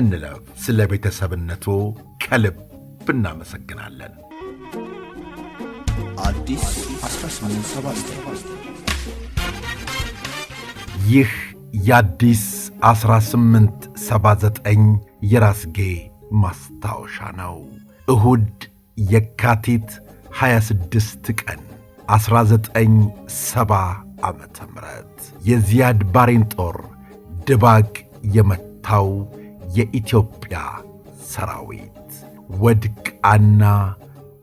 እንለፍ። ስለ ቤተሰብነቱ ከልብ እናመሰግናለን። ይህ የአዲስ 1879 የራስጌ ማስታወሻ ነው። እሁድ የካቲት 26 ቀን 1970 ዓ ም የዚያድ ባሬን ጦር ድባቅ የመታው የኢትዮጵያ ሰራዊት ወድቃና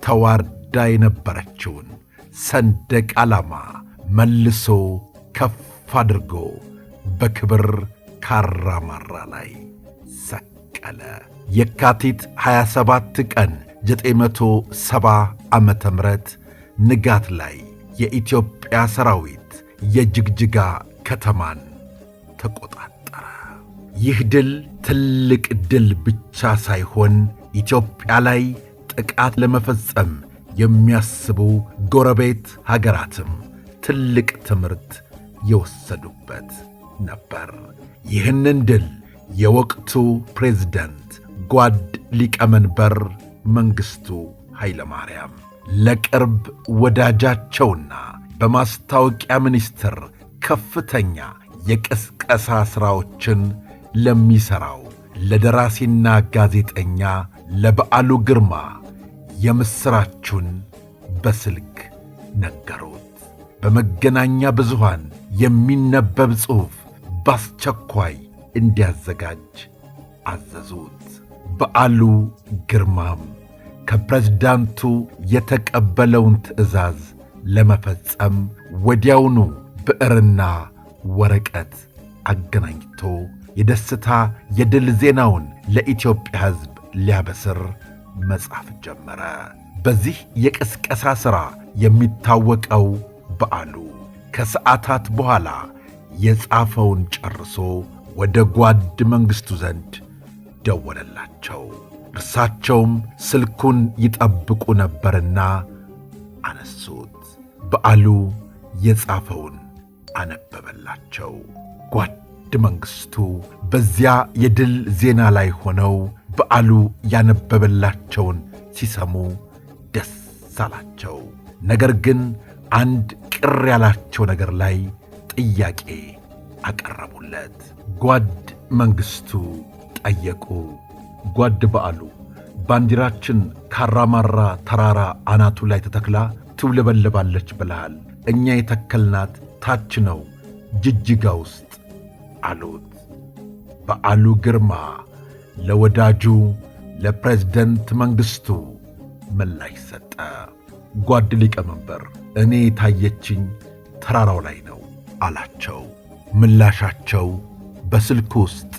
ተዋርዳ የነበረችውን ሰንደቅ ዓላማ መልሶ ከፍ አድርጎ በክብር ካራማራ ላይ ሰቀለ። የካቲት 27 ቀን 970 ዓ ም ንጋት ላይ የኢትዮጵያ ሰራዊት የጅግጅጋ ከተማን ተቆጣ ይህ ድል ትልቅ ድል ብቻ ሳይሆን ኢትዮጵያ ላይ ጥቃት ለመፈጸም የሚያስቡ ጎረቤት ሀገራትም ትልቅ ትምህርት የወሰዱበት ነበር። ይህንን ድል የወቅቱ ፕሬዝደንት ጓድ ሊቀመንበር መንግሥቱ ኃይለማርያም ለቅርብ ወዳጃቸውና በማስታወቂያ ሚኒስቴር ከፍተኛ የቅስቀሳ ሥራዎችን ለሚሠራው ለደራሲና ጋዜጠኛ ለበዓሉ ግርማ የምሥራቹን በስልክ ነገሩት። በመገናኛ ብዙሃን የሚነበብ ጽሑፍ በአስቸኳይ እንዲያዘጋጅ አዘዙት። በዓሉ ግርማም ከፕሬዝዳንቱ የተቀበለውን ትዕዛዝ ለመፈጸም ወዲያውኑ ብዕርና ወረቀት አገናኝቶ የደስታ የድል ዜናውን ለኢትዮጵያ ሕዝብ ሊያበስር መጻፍ ጀመረ። በዚህ የቅስቀሳ ሥራ የሚታወቀው በዓሉ ከሰዓታት በኋላ የጻፈውን ጨርሶ ወደ ጓድ መንግሥቱ ዘንድ ደወለላቸው። እርሳቸውም ስልኩን ይጠብቁ ነበርና አነሱት። በዓሉ የጻፈውን አነበበላቸው ጓድ ፍርድ መንግሥቱ በዚያ የድል ዜና ላይ ሆነው በዓሉ ያነበበላቸውን ሲሰሙ ደስ አላቸው። ነገር ግን አንድ ቅር ያላቸው ነገር ላይ ጥያቄ አቀረቡለት። ጓድ መንግሥቱ ጠየቁ። ጓድ በዓሉ ባንዲራችን ካራማራ ተራራ አናቱ ላይ ተተክላ ትውለበለባለች ብለሃል። እኛ የተከልናት ታች ነው ጅጅጋ ውስጥ አሉት። በዓሉ ግርማ ለወዳጁ ለፕሬዝደንት መንግሥቱ ምላሽ ሰጠ። ጓድ ሊቀመንበር፣ እኔ የታየችኝ ተራራው ላይ ነው አላቸው። ምላሻቸው በስልክ ውስጥ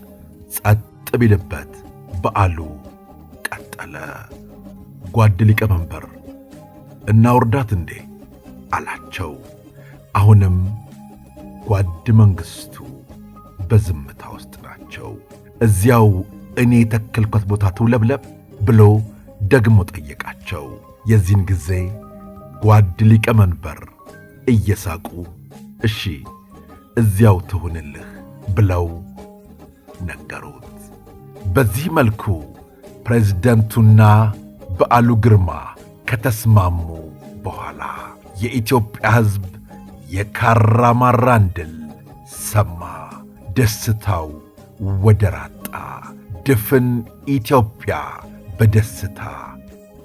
ጸጥ ቢልበት በዓሉ ቀጠለ። ጓድ ሊቀመንበር እናውርዳት እንዴ አላቸው። አሁንም ጓድ መንግሥቱ በዝምታ ውስጥ ናቸው። እዚያው እኔ የተከልኳት ቦታ ትውለብለብ ብሎ ደግሞ ጠየቃቸው። የዚህን ጊዜ ጓድ ሊቀመንበር እየሳቁ እሺ እዚያው ትሁንልህ ብለው ነገሩት። በዚህ መልኩ ፕሬዝደንቱና በዓሉ ግርማ ከተስማሙ በኋላ የኢትዮጵያ ሕዝብ የካራማራን ድል ሰማ። ደስታው ወደራጣ ድፍን ኢትዮጵያ በደስታ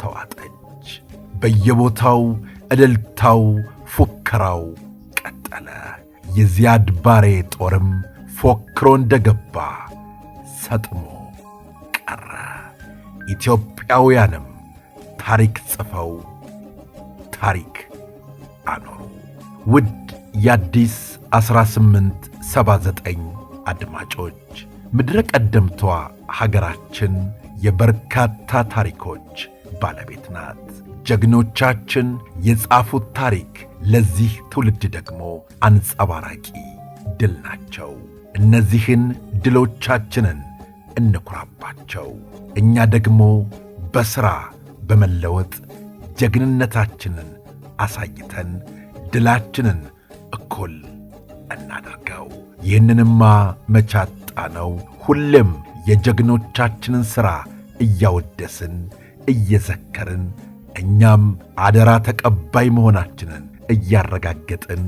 ተዋጠች። በየቦታው እልልታው፣ ፉከራው ቀጠለ። የዚያድ ባሬ ጦርም ፎክሮ እንደገባ ሰጥሞ ቀረ። ኢትዮጵያውያንም ታሪክ ጽፈው ታሪክ አኖሩ። ውድ የአዲስ 1879 አድማጮች፣ ምድረ ቀደምቷ ሀገራችን የበርካታ ታሪኮች ባለቤት ናት። ጀግኖቻችን የጻፉት ታሪክ ለዚህ ትውልድ ደግሞ አንጸባራቂ ድል ናቸው። እነዚህን ድሎቻችንን እንኩራባቸው። እኛ ደግሞ በሥራ በመለወጥ ጀግንነታችንን አሳይተን ድላችንን እኩል እናደርገው። ይህንንማ መቻጣ ነው። ሁሌም የጀግኖቻችንን ሥራ እያወደስን እየዘከርን እኛም አደራ ተቀባይ መሆናችንን እያረጋገጥን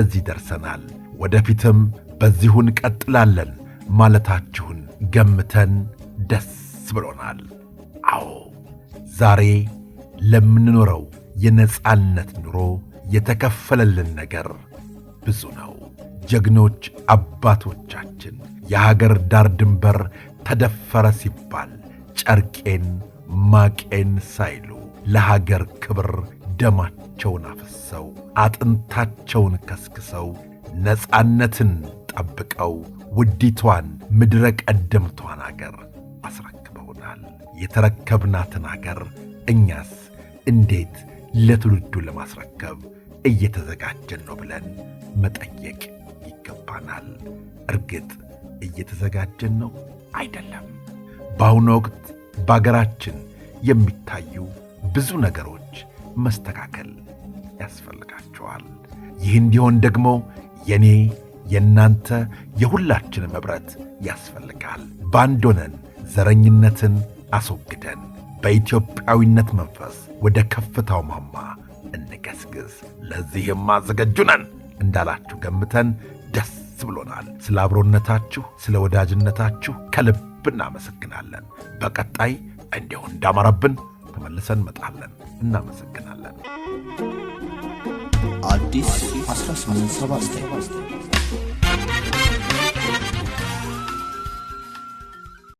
እዚህ ደርሰናል። ወደፊትም በዚሁ እንቀጥላለን ማለታችሁን ገምተን ደስ ብሎናል። አዎ ዛሬ ለምንኖረው የነፃነት ኑሮ የተከፈለልን ነገር ብዙ ነው። ጀግኖች አባቶቻችን የሀገር ዳር ድንበር ተደፈረ ሲባል ጨርቄን ማቄን ሳይሉ ለሀገር ክብር ደማቸውን አፍሰው አጥንታቸውን ከስክሰው ነፃነትን ጠብቀው ውዲቷን ምድረ ቀደምቷን አገር አስረክበውናል። የተረከብናትን አገር እኛስ እንዴት ለትውልዱ ለማስረከብ እየተዘጋጀን ነው ብለን መጠየቅ ይገባናል። እርግጥ እየተዘጋጀን ነው አይደለም። በአሁኑ ወቅት በአገራችን የሚታዩ ብዙ ነገሮች መስተካከል ያስፈልጋቸዋል። ይህ እንዲሆን ደግሞ የኔ የእናንተ የሁላችን ኅብረት ያስፈልጋል። በአንድ ሆነን ዘረኝነትን አስወግደን በኢትዮጵያዊነት መንፈስ ወደ ከፍታው ማማ እንገስግስ። ለዚህም ዝግጁ ነን እንዳላችሁ ገምተን ደስ ብሎናል። ስለ አብሮነታችሁ፣ ስለ ወዳጅነታችሁ ከልብ እናመሰግናለን። በቀጣይ እንዲሁ እንዳማረብን ተመልሰን እንመጣለን። እናመሰግናለን። አዲስ 1879